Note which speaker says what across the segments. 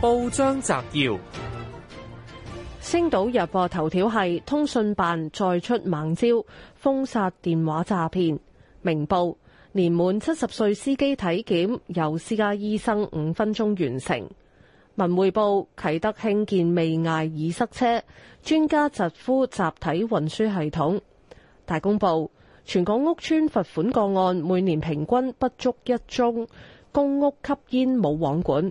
Speaker 1: 報章摘要：
Speaker 2: 星島日報頭條係通訊辦再出猛招，封殺電話詐騙。明報年滿七十歲司機體檢有私家醫生五分鐘完成。文匯報啟德興建未嗌已塞車，專家疾呼集體運輸系統。大公報全港屋村罰款個案每年平均不足一宗，公屋吸煙冇網管。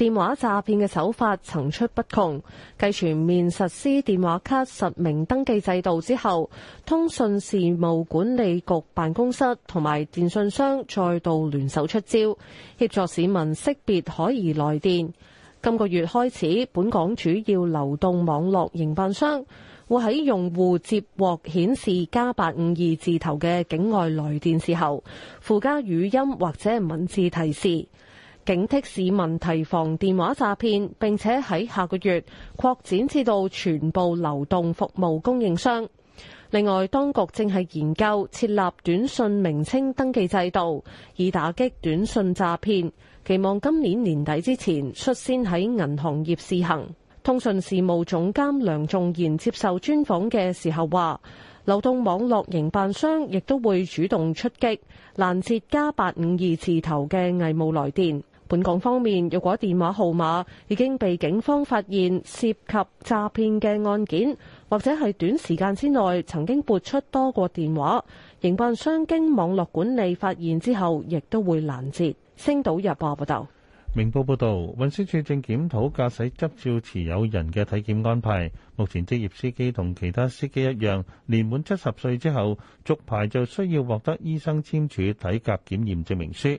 Speaker 2: 電話詐騙嘅手法層出不窮。繼全面實施電話卡實名登記制度之後，通訊事務管理局辦公室同埋電訊商再度聯手出招，協助市民識別可疑來電。今個月開始，本港主要流動網絡營辦商會喺用戶接獲顯示加八五二字頭嘅境外來電時候，附加語音或者文字提示。警惕市民提防電話詐騙，並且喺下個月擴展至到全部流動服務供應商。另外，當局正係研究設立短訊名稱登記制度，以打擊短訊詐騙，期望今年年底之前率先喺銀行業試行。通訊事務總監梁仲賢接受專訪嘅時候話，流動網絡營辦商亦都會主動出擊，攔截加八五二字頭嘅偽冒來電。本港方面，若果電話號碼已經被警方發現涉及詐騙嘅案件，或者係短時間之內曾經撥出多個電話，營辦商經網絡管理發現之後亦都會攔截。星島日報報道，道
Speaker 1: 明報報道，運輸署正檢討駕駛執照持有人嘅體檢安排，目前職業司機同其他司機一樣，年滿七十歲之後續牌就需要獲得醫生簽署體格檢驗證明書。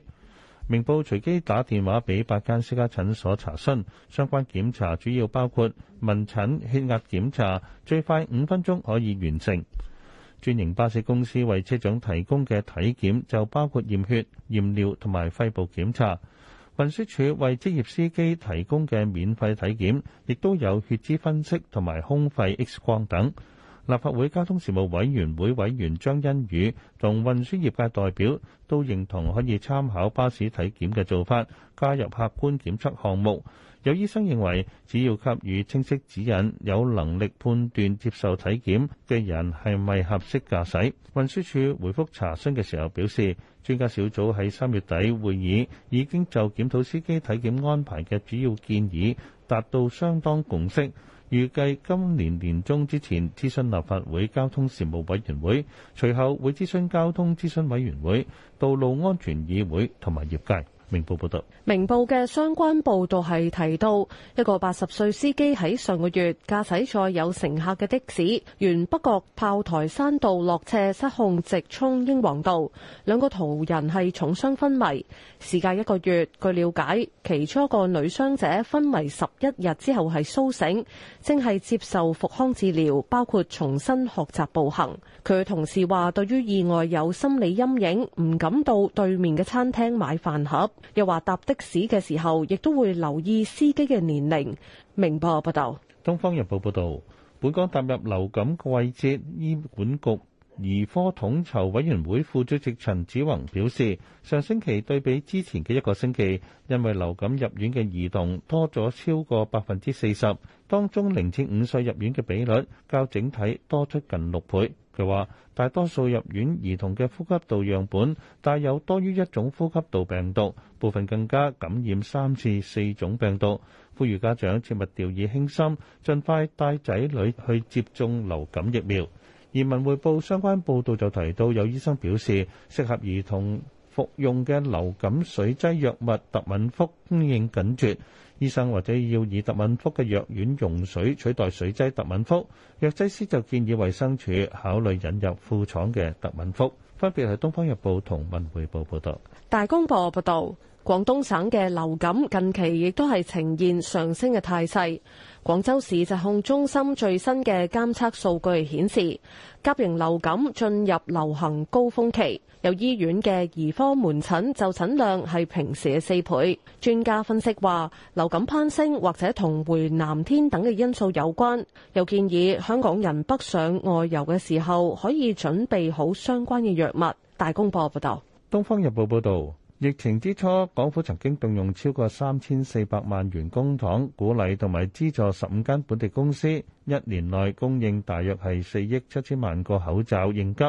Speaker 1: 明報隨機打電話俾八間私家診所查詢相關檢查，主要包括問診、血壓檢查，最快五分鐘可以完成。專營巴士公司為車長提供嘅體檢就包括驗血、驗尿同埋肺部檢查。運輸署為職業司機提供嘅免費體檢，亦都有血脂分析同埋胸肺 X 光等。立法會交通事務委員會委員張欣宇同運輸業界代表都認同可以參考巴士體檢嘅做法，加入客觀檢測項目。有醫生認為，只要給予清晰指引，有能力判斷接受體檢嘅人係咪合適駕駛。運輸署回覆查詢嘅時候表示，專家小組喺三月底會議已經就檢討司機體檢安排嘅主要建議達到相當共識。預計今年年中之前諮詢立法會交通事務委員會，隨後會諮詢交通諮詢委員會、道路安全議會同埋業界。明報報道。
Speaker 2: 明報嘅相關報導係提到，一個八十歲司機喺上個月駕駛載有乘客嘅的，的士，沿北角炮台山道落斜失控，直衝英皇道，兩個途人係重傷昏迷。事隔一個月，據了解，其初個女傷者昏迷十一日之後係蘇醒，正係接受復康治療，包括重新學習步行。佢同事話：對於意外有心理陰影，唔敢到對面嘅餐廳買飯盒。又話搭的士嘅時候，亦都會留意司機嘅年齡。明報報道，
Speaker 1: 《東方日報》報道，本港踏入流感季節，醫管局兒科統籌委員會副主席陳子宏表示，上星期對比之前嘅一個星期，因為流感入院嘅兒童多咗超過百分之四十，當中零至五歲入院嘅比率較整體多出近六倍。佢話：大多數入院兒童嘅呼吸道樣本帶有多於一種呼吸道病毒，部分更加感染三至四種病毒。呼籲家長切勿掉以輕心，盡快帶仔女去接種流感疫苗。而《文匯報》相關報道就提到，有醫生表示，適合兒童服用嘅流感水劑藥物特敏福供應緊絕。醫生或者要以特敏福嘅藥丸用水取代水劑特敏福，藥劑師就建議衞生署考慮引入副廠嘅特敏福。分別係《東方日報》同《文匯報》報道。
Speaker 2: 大公報報道，廣東省嘅流感近期亦都係呈現上升嘅態勢。廣州市疾控中心最新嘅監測數據顯示，甲型流感進入流行高峰期，有醫院嘅兒科門診就診量係平時嘅四倍。專家分析話，流咁攀升或者同回南天等嘅因素有關，又建議香港人北上外遊嘅時候可以準備好相關嘅藥物。大公報報道，
Speaker 1: 東方日報報道，疫情之初，港府曾經動用超過三千四百萬元公帑鼓勵同埋資助十五間本地公司，一年內供應大約係四億七千萬個口罩應急，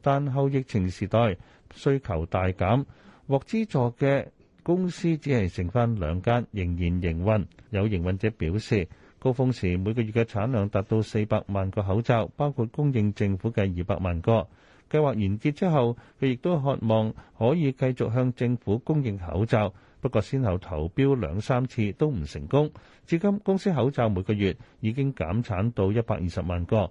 Speaker 1: 但後疫情時代需求大減，獲資助嘅。公司只係剩翻兩間，仍然營運。有營運者表示，高峰時每個月嘅產量達到四百萬個口罩，包括供應政府嘅二百萬個。計劃完結之後，佢亦都渴望可以繼續向政府供應口罩，不過先後投標兩三次都唔成功。至今，公司口罩每個月已經減產到一百二十萬個。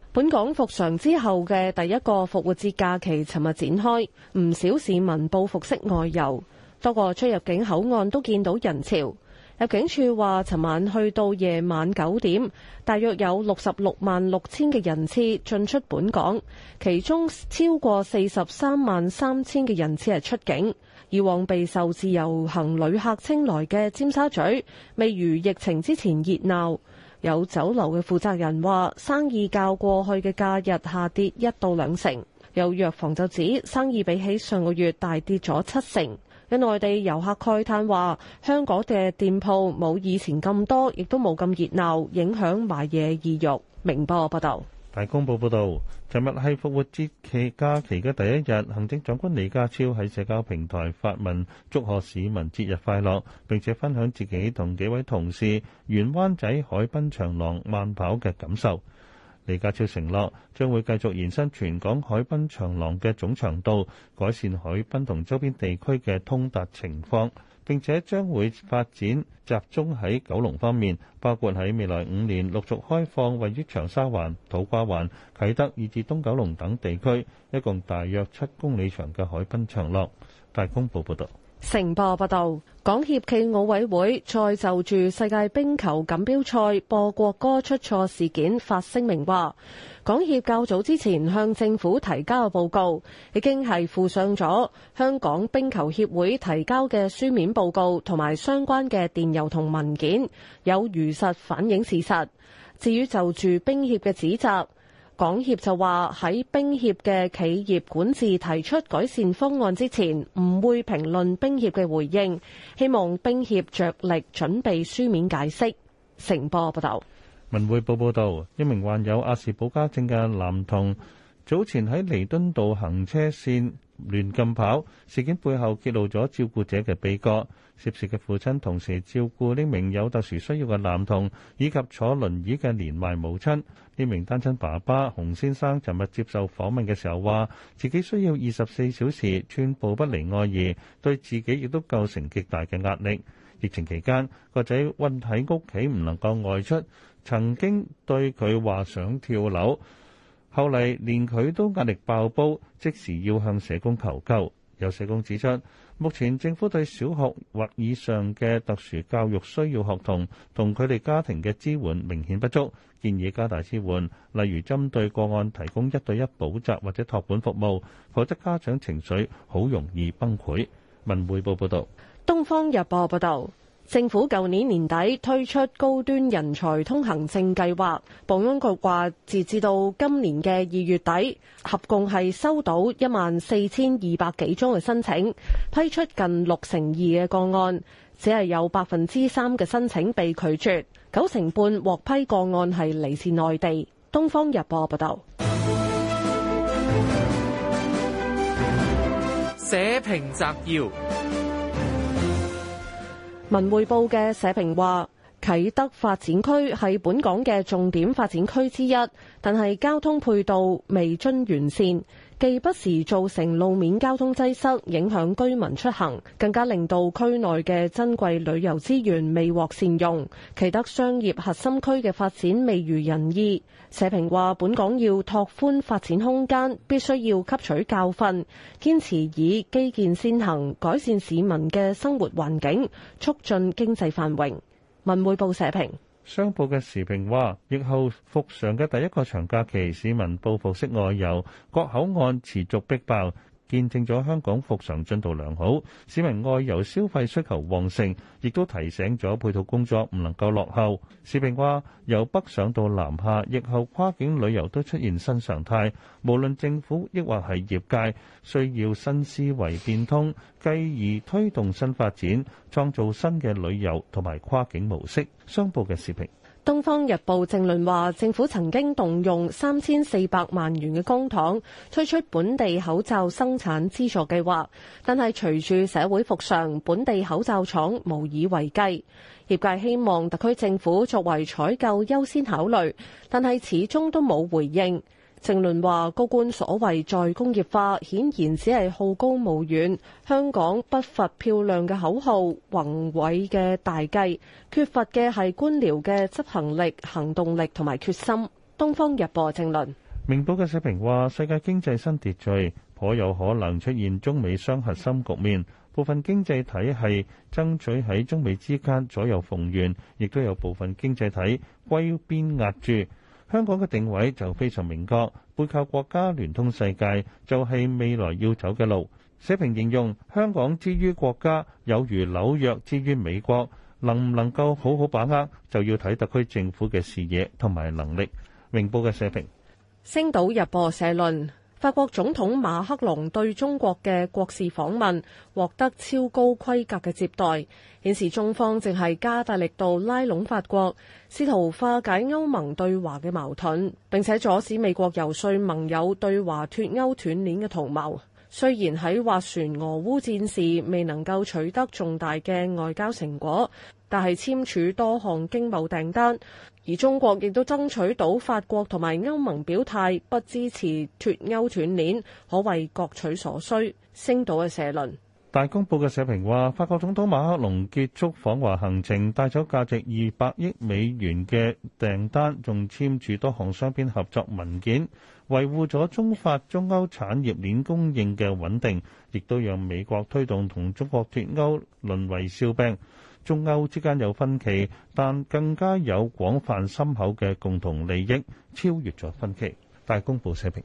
Speaker 2: 本港復常之後嘅第一個復活節假期，尋日展開，唔少市民報復式外遊，多個出入境口岸都見到人潮。入境處話，尋晚去到夜晚九點，大約有六十六萬六千嘅人次進出本港，其中超過四十三萬三千嘅人次係出境。以往備受自由行旅客青睞嘅尖沙咀，未如疫情之前熱鬧。有酒樓嘅負責人話：生意較過去嘅假日下跌一到兩成。有藥房就指生意比起上個月大跌咗七成。有內地遊客慨嘆話：香港嘅店鋪冇以前咁多，亦都冇咁熱鬧，影響買嘢意欲。明報報道。
Speaker 1: 大公報報導，尋日係復活節期假期嘅第一日，行政長官李家超喺社交平台發文祝賀市民節日快樂，並且分享自己同幾位同事沿灣仔海濱長廊慢跑嘅感受。李家超承諾將會繼續延伸全港海濱長廊嘅總長度，改善海濱同周邊地區嘅通達情況。並且將會發展集中喺九龍方面，包括喺未來五年陸續開放位於長沙灣、土瓜灣、啟德以至東九龍等地區，一共大約七公里長嘅海濱長廊。大公報報道。
Speaker 2: 成播報道，港協暨奧委會再就住世界冰球錦標賽播國歌出錯事件發聲明話，港協較早之前向政府提交嘅報告已經係附上咗香港冰球協會提交嘅書面報告，同埋相關嘅電郵同文件，有如實反映事實。至於就住冰協嘅指責，港協就話喺冰協嘅企業管治提出改善方案之前，唔會評論冰協嘅回應。希望冰協着力準備書面解釋。成波報道：
Speaker 1: 「文匯報報道，一名患有亞氏保加症嘅男童，早前喺彌敦道行車線亂禁跑事件背後揭露咗照顧者嘅悲歌。涉事嘅父親同時照顧呢名有特殊需要嘅男童以及坐輪椅嘅年邁母親。呢名單親爸爸洪先生尋日接受訪問嘅時候話自己需要二十四小時寸步不離愛兒，對自己亦都構成極大嘅壓力。疫情期間個仔困喺屋企唔能夠外出，曾經對佢話想跳樓。後嚟連佢都壓力爆煲，即時要向社工求救。有社工指出，目前政府對小學或以上嘅特殊教育需要學童同佢哋家庭嘅支援明顯不足，建議加大支援，例如針對個案提供一對一補習或者託管服務，否則家長情緒好容易崩潰。文匯報報道，
Speaker 2: 東方日報報道。政府舊年年底推出高端人才通行證計劃，保安局話截至到今年嘅二月底，合共係收到一萬四千二百幾宗嘅申請，批出近六成二嘅個案，只係有百分之三嘅申請被拒絕，九成半獲批個案係嚟自內地。東方日報報道。
Speaker 1: 社評摘要。
Speaker 2: 文匯報嘅社評話：啟德發展區係本港嘅重點發展區之一，但係交通配套未臻完善。既不時造成路面交通擠塞，影響居民出行，更加令到區內嘅珍貴旅遊資源未獲善用，啟德商業核心區嘅發展未如人意。社評話：本港要拓寬發展空間，必須要吸取教訓，堅持以基建先行，改善市民嘅生活環境，促進經濟繁榮。文匯報社評。
Speaker 1: 商報嘅時評話：疫後復常嘅第一個長假期，市民報復式外遊，各口岸持續逼爆。見證咗香港復常進度良好，市民外遊消費需求旺盛，亦都提醒咗配套工作唔能夠落後。時評話由北上到南下，疫後跨境旅遊都出現新常態，無論政府抑或係業界，需要新思維變通，繼而推動新發展，創造新嘅旅遊同埋跨境模式。商報嘅時評。
Speaker 2: 《東方日報》正論話，政府曾經動用三千四百萬元嘅公帑推出本地口罩生產資助計劃，但係隨住社會復常，本地口罩廠無以為繼，業界希望特區政府作為採購優先考慮，但係始終都冇回應。正論話，高官所謂再工業化，顯然只係好高騖遠。香港不乏漂亮嘅口號、宏偉嘅大計，缺乏嘅係官僚嘅執行力、行動力同埋決心。東方日報正論。
Speaker 1: 明報嘅社評話，世界經濟新秩序頗有可能出現中美雙核心局面，部分經濟體係爭取喺中美之間左右逢源，亦都有部分經濟體歸邊壓住。香港嘅定位就非常明確，背靠國家聯通世界就係未來要走嘅路。社評形容香港之於國家有如紐約之於美國，能唔能夠好好把握，就要睇特區政府嘅視野同埋能力。明報嘅社評，
Speaker 2: 星島日報社論。法國總統馬克龍對中國嘅國事訪問獲得超高規格嘅接待，顯示中方正係加大力度拉攏法國，試圖化解歐盟對華嘅矛盾，並且阻止美國游說盟友對華脱歐斷鏈嘅圖謀。雖然喺斡旋俄烏戰事未能夠取得重大嘅外交成果，但係簽署多項經貿訂單，而中國亦都爭取到法國同埋歐盟表態不支持脱歐斷鏈，可謂各取所需。星島嘅社論，
Speaker 1: 大公報嘅社評話：法國總統馬克龍結束訪華行程，帶咗價值二百億美元嘅訂單，仲簽署多項雙邊合作文件，維護咗中法、中歐產業鏈供應嘅穩定，亦都讓美國推動同中國脱歐淪為笑柄。中歐之間有分歧，但更加有廣泛深厚嘅共同利益，超越咗分歧。大公報社評。